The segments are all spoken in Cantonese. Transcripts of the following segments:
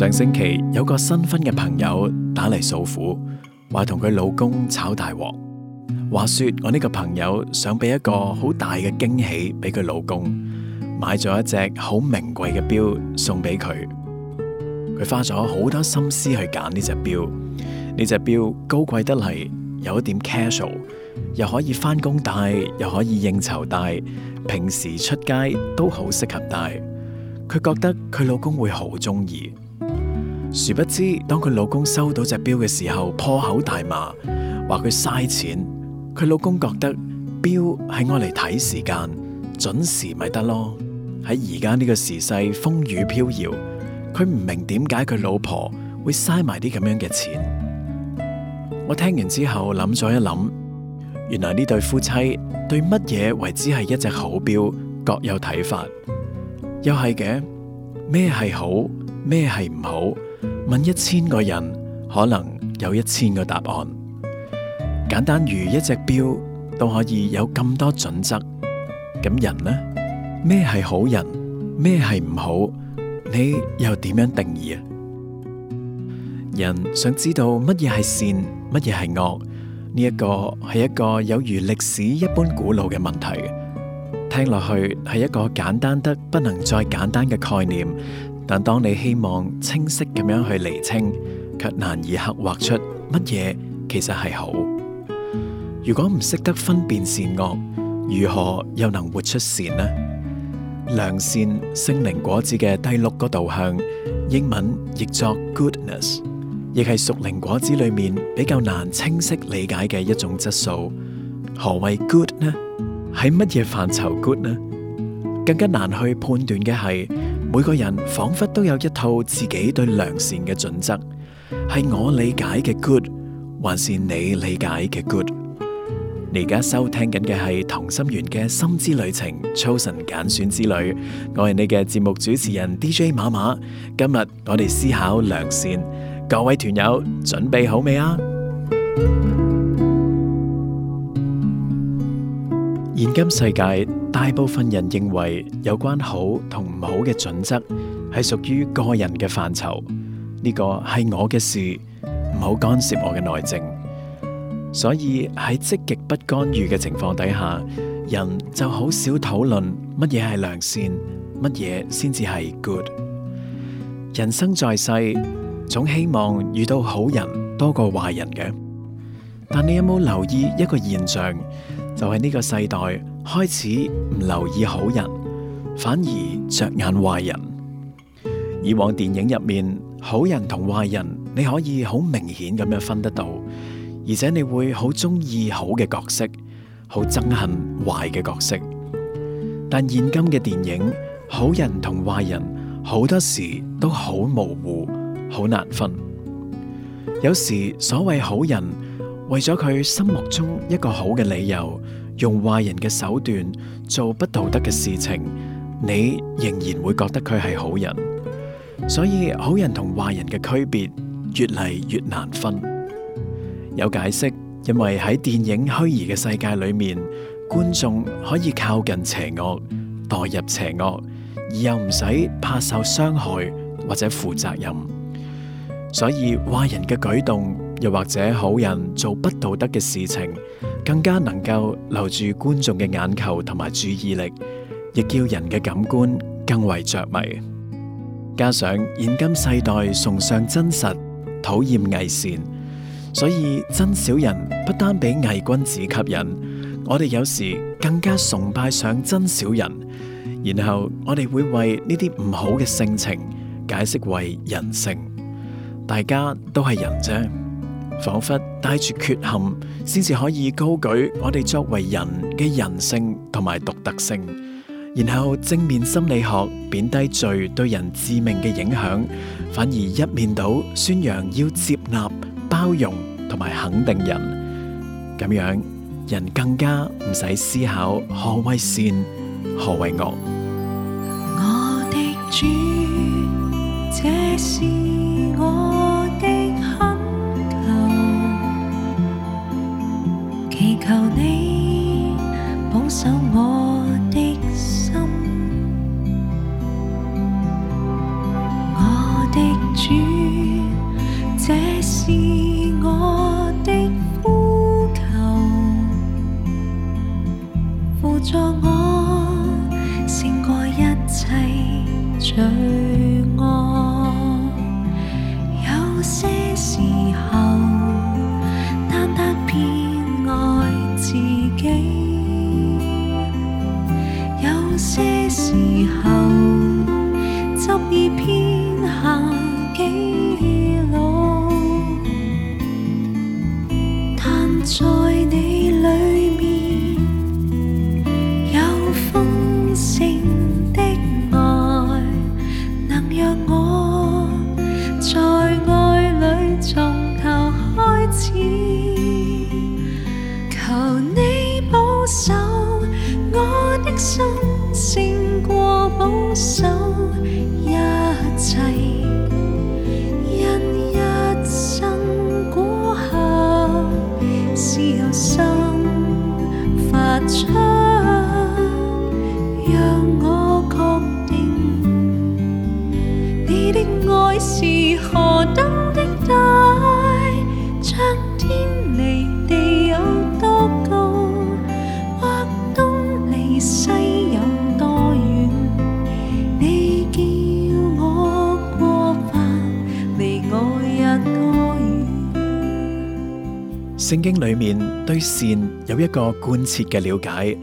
上星期有個新婚嘅朋友打嚟訴苦，話同佢老公炒大鑊。話說我呢個朋友想俾一個好大嘅驚喜俾佢老公，買咗一隻好名貴嘅錶送俾佢。佢花咗好多心思去揀呢隻錶，呢隻錶高貴得嚟，有一點 casual，又可以翻工戴，又可以應酬戴，平時出街都好適合戴。佢覺得佢老公會好中意。殊不知，當佢老公收到隻表嘅時候，破口大罵，話佢嘥錢。佢老公覺得表係我嚟睇時間，準時咪得咯。喺而家呢個時勢風雨飄搖，佢唔明點解佢老婆會嘥埋啲咁樣嘅錢。我聽完之後諗咗一諗，原來呢對夫妻對乜嘢為之係一隻好表各有睇法，又係嘅，咩係好，咩係唔好？問一千個人，可能有一千個答案。簡單如一隻表，都可以有咁多準則。咁人呢？咩係好人？咩係唔好？你又點樣定義啊？人想知道乜嘢係善，乜嘢係惡？呢一個係一個有如歷史一般古老嘅問題。聽落去係一個簡單得不能再簡單嘅概念。但當你希望清晰咁樣去厘清，卻難以刻畫出乜嘢其實係好。如果唔識得分辨善惡，如何又能活出善呢？良善，聖靈果子嘅第六個導向，英文譯作 goodness，亦係屬靈果子裏面比較難清晰理解嘅一種質素。何謂 good 呢？喺乜嘢範疇 good 呢？更加難去判斷嘅係。每個人仿佛都有一套自己對良善嘅準則，係我理解嘅 good，還是你理解嘅 good？你而家收聽緊嘅係同心圓嘅心之旅程 Chosen 揀選之旅，我係你嘅節目主持人 DJ 馬馬。今日我哋思考良善，各位團友準備好未啊？現今世界，大部分人認為有關好同唔好嘅準則係屬於個人嘅範疇，呢個係我嘅事，唔好干涉我嘅內政。所以喺積極不干預嘅情況底下，人就好少討論乜嘢係良善，乜嘢先至係 good。人生在世，總希望遇到好人多過壞人嘅，但你有冇留意一個現象？就係呢個世代開始唔留意好人，反而着眼壞人。以往電影入面，好人同壞人你可以好明顯咁樣分得到，而且你會好中意好嘅角色，好憎恨壞嘅角色。但現今嘅電影，好人同壞人好多時都好模糊，好難分。有時所謂好人，為咗佢心目中一個好嘅理由，用壞人嘅手段做不道德嘅事情，你仍然會覺得佢係好人。所以好人同壞人嘅區別越嚟越難分。有解釋，因為喺電影虛擬嘅世界裏面，觀眾可以靠近邪惡，代入邪惡，而又唔使怕受傷害或者負責任。所以壞人嘅舉動又或者好人做不道德嘅事情，更加能夠留住觀眾嘅眼球同埋注意力，亦叫人嘅感官更為着迷。加上現今世代崇尚真實，討厭偽善，所以真小人不單俾偽君子吸引，我哋有時更加崇拜上真小人。然後我哋會為呢啲唔好嘅性情解釋為人性，大家都係人啫。仿佛帶住缺陷先至可以高舉我哋作為人嘅人性同埋獨特性。然後正面心理學貶低罪對人致命嘅影響，反而一面倒宣揚要接納、包容同埋肯定人，咁樣人更加唔使思考何為善，何為惡。我的主，這是我。助我勝過一切罪惡。有些時候，單單偏愛自己；有些時候，執意偏行己路。但在聖經裏面對善有一個貫徹嘅了解，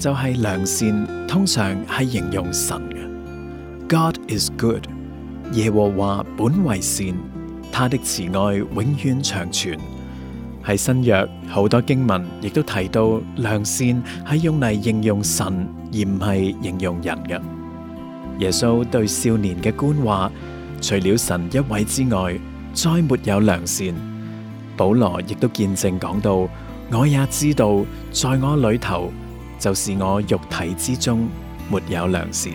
就係良善通常係形容神嘅。God is good。耶和華本為善，他的慈愛永遠長存，喺新約好多經文亦都提到良善係用嚟形容神而唔係形容人嘅。耶穌對少年嘅官話，除了神一位之外，再沒有良善。保羅亦都見證講到，我也知道，在我裏頭就是我肉體之中沒有良善，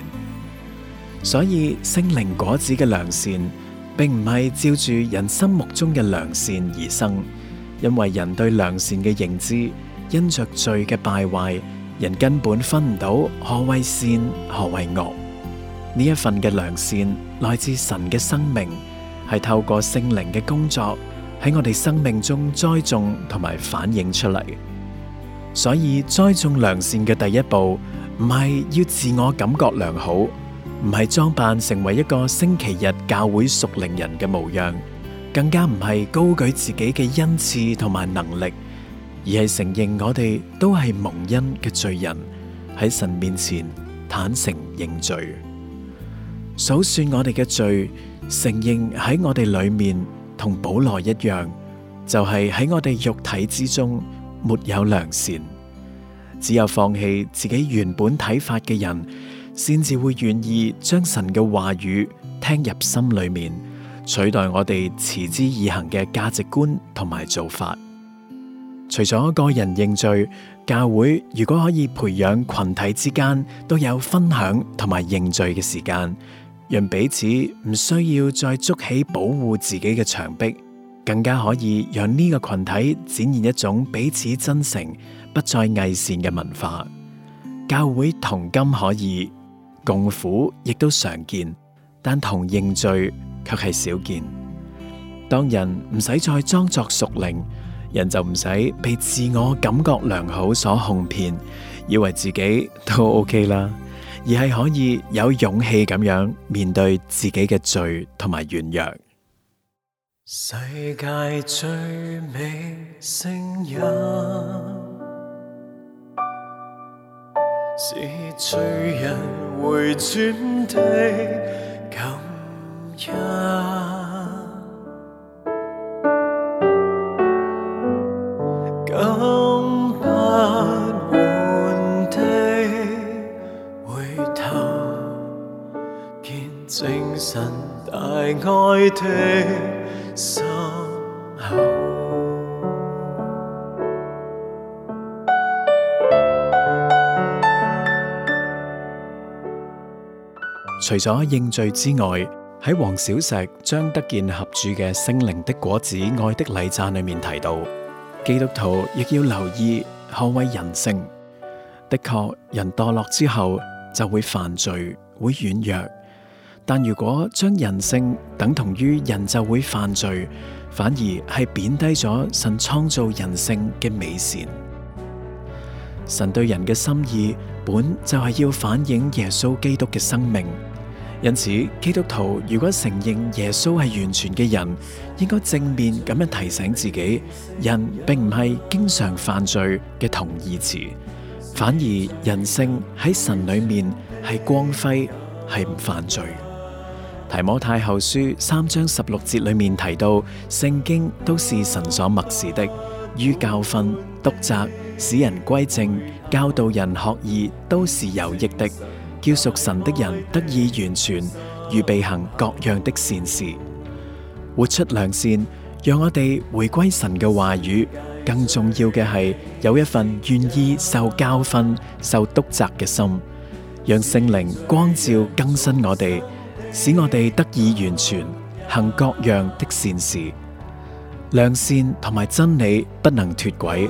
所以聖靈果子嘅良善，並唔係照住人心目中嘅良善而生，因為人對良善嘅認知，因着罪嘅敗壞，人根本分唔到何為善何為惡。呢一份嘅良善來自神嘅生命，係透過聖靈嘅工作，喺我哋生命中栽種同埋反映出嚟，所以栽種良善嘅第一步，唔係要自我感覺良好，唔係裝扮成為一個星期日教會屬靈人嘅模樣，更加唔係高舉自己嘅恩賜同埋能力，而係承認我哋都係蒙恩嘅罪人，喺神面前坦誠認罪，數算我哋嘅罪，承認喺我哋裏面。同保羅一樣，就係喺我哋肉體之中沒有良善，只有放棄自己原本睇法嘅人，先至會願意將神嘅話語聽入心裏面，取代我哋持之以恆嘅價值觀同埋做法。除咗個人認罪，教會如果可以培養群體之間都有分享同埋認罪嘅時間。讓彼此唔需要再築起保護自己嘅牆壁，更加可以讓呢個群體展現一種彼此真誠、不再偽善嘅文化。教會同甘可以共苦，亦都常見，但同認罪卻係少見。當人唔使再裝作屬靈，人就唔使被自我感覺良好所哄騙，以為自己都 OK 啦。而係可以有勇氣咁樣面對自己嘅罪同埋軟弱。世界最美聲音，是罪人回轉的。除咗認罪之外，喺黃小石、張德健合著嘅《聖靈的果子：愛的禮讚》裏面提到，基督徒亦要留意捍衛人性。的確，人墮落之後就會犯罪，會軟弱。但如果將人性等同於人就會犯罪，反而係貶低咗神創造人性嘅美善。神對人嘅心意本就係要反映耶穌基督嘅生命，因此基督徒如果承認耶穌係完全嘅人，應該正面咁樣提醒自己，人並唔係經常犯罪嘅同義詞，反而人性喺神裏面係光輝，係唔犯罪。提摩太後書三章十六節裏面提到，聖經都是神所默示的，於教訓、督責、使人歸正、教導人學義，都是有益的，叫屬神的人得以完全，預備行各樣的善事，活出良善。讓我哋回歸神嘅話語，更重要嘅係有一份願意受教訓、受督責嘅心，讓聖靈光照更新我哋。使我哋得以完全，行各樣的善事，良善同埋真理不能脫軌。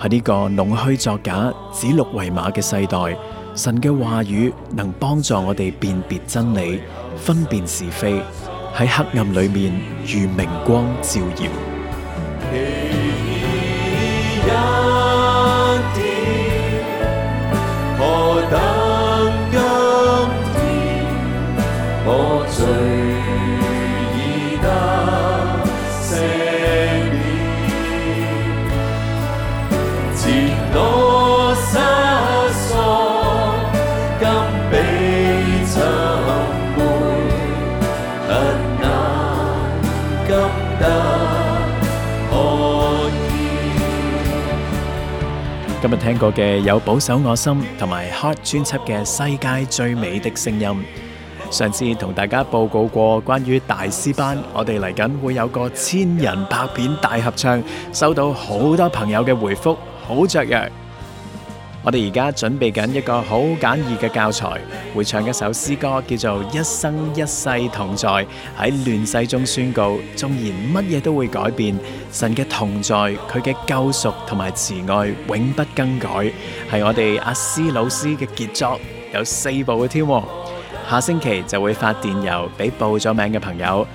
喺呢個弄虛作假、指鹿為馬嘅世代，神嘅話語能幫助我哋辨別真理、分辨是非，喺黑暗裏面如明光照耀。乜聽過嘅有保守我心同埋 hot 專輯嘅世界最美的聲音。上次同大家報告過關於大師班，我哋嚟緊會有個千人拍片大合唱，收到好多朋友嘅回覆好雀躍。我哋而家準備緊一個好簡易嘅教材，會唱一首詩歌，叫做《一生一世同在》，喺亂世中宣告，縱然乜嘢都會改變，神嘅同在，佢嘅救贖同埋慈愛永不更改，係我哋阿斯老師嘅傑作，有四部嘅添，下星期就會發電郵俾報咗名嘅朋友。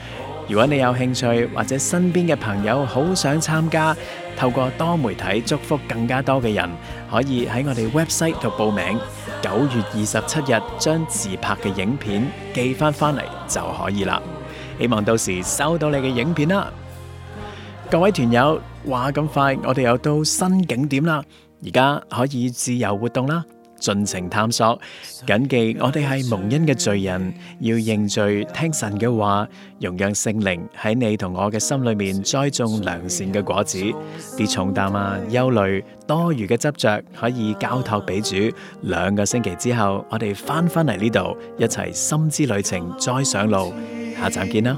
如果你有興趣，或者身邊嘅朋友好想參加，透過多媒體祝福更加多嘅人，可以喺我哋 website 度報名。九月二十七日將自拍嘅影片寄翻翻嚟，就可以啦。希望到時收到你嘅影片啦。各位團友，話咁快，我哋又到新景點啦，而家可以自由活動啦。盡情探索，謹記我哋係蒙恩嘅罪人，要認罪聽神嘅話，容讓聖靈喺你同我嘅心裏面栽種良善嘅果子。啲重擔啊，憂慮、多餘嘅執着，可以交托俾主。兩個星期之後，我哋翻翻嚟呢度，一齊心之旅程再上路。下站見啦。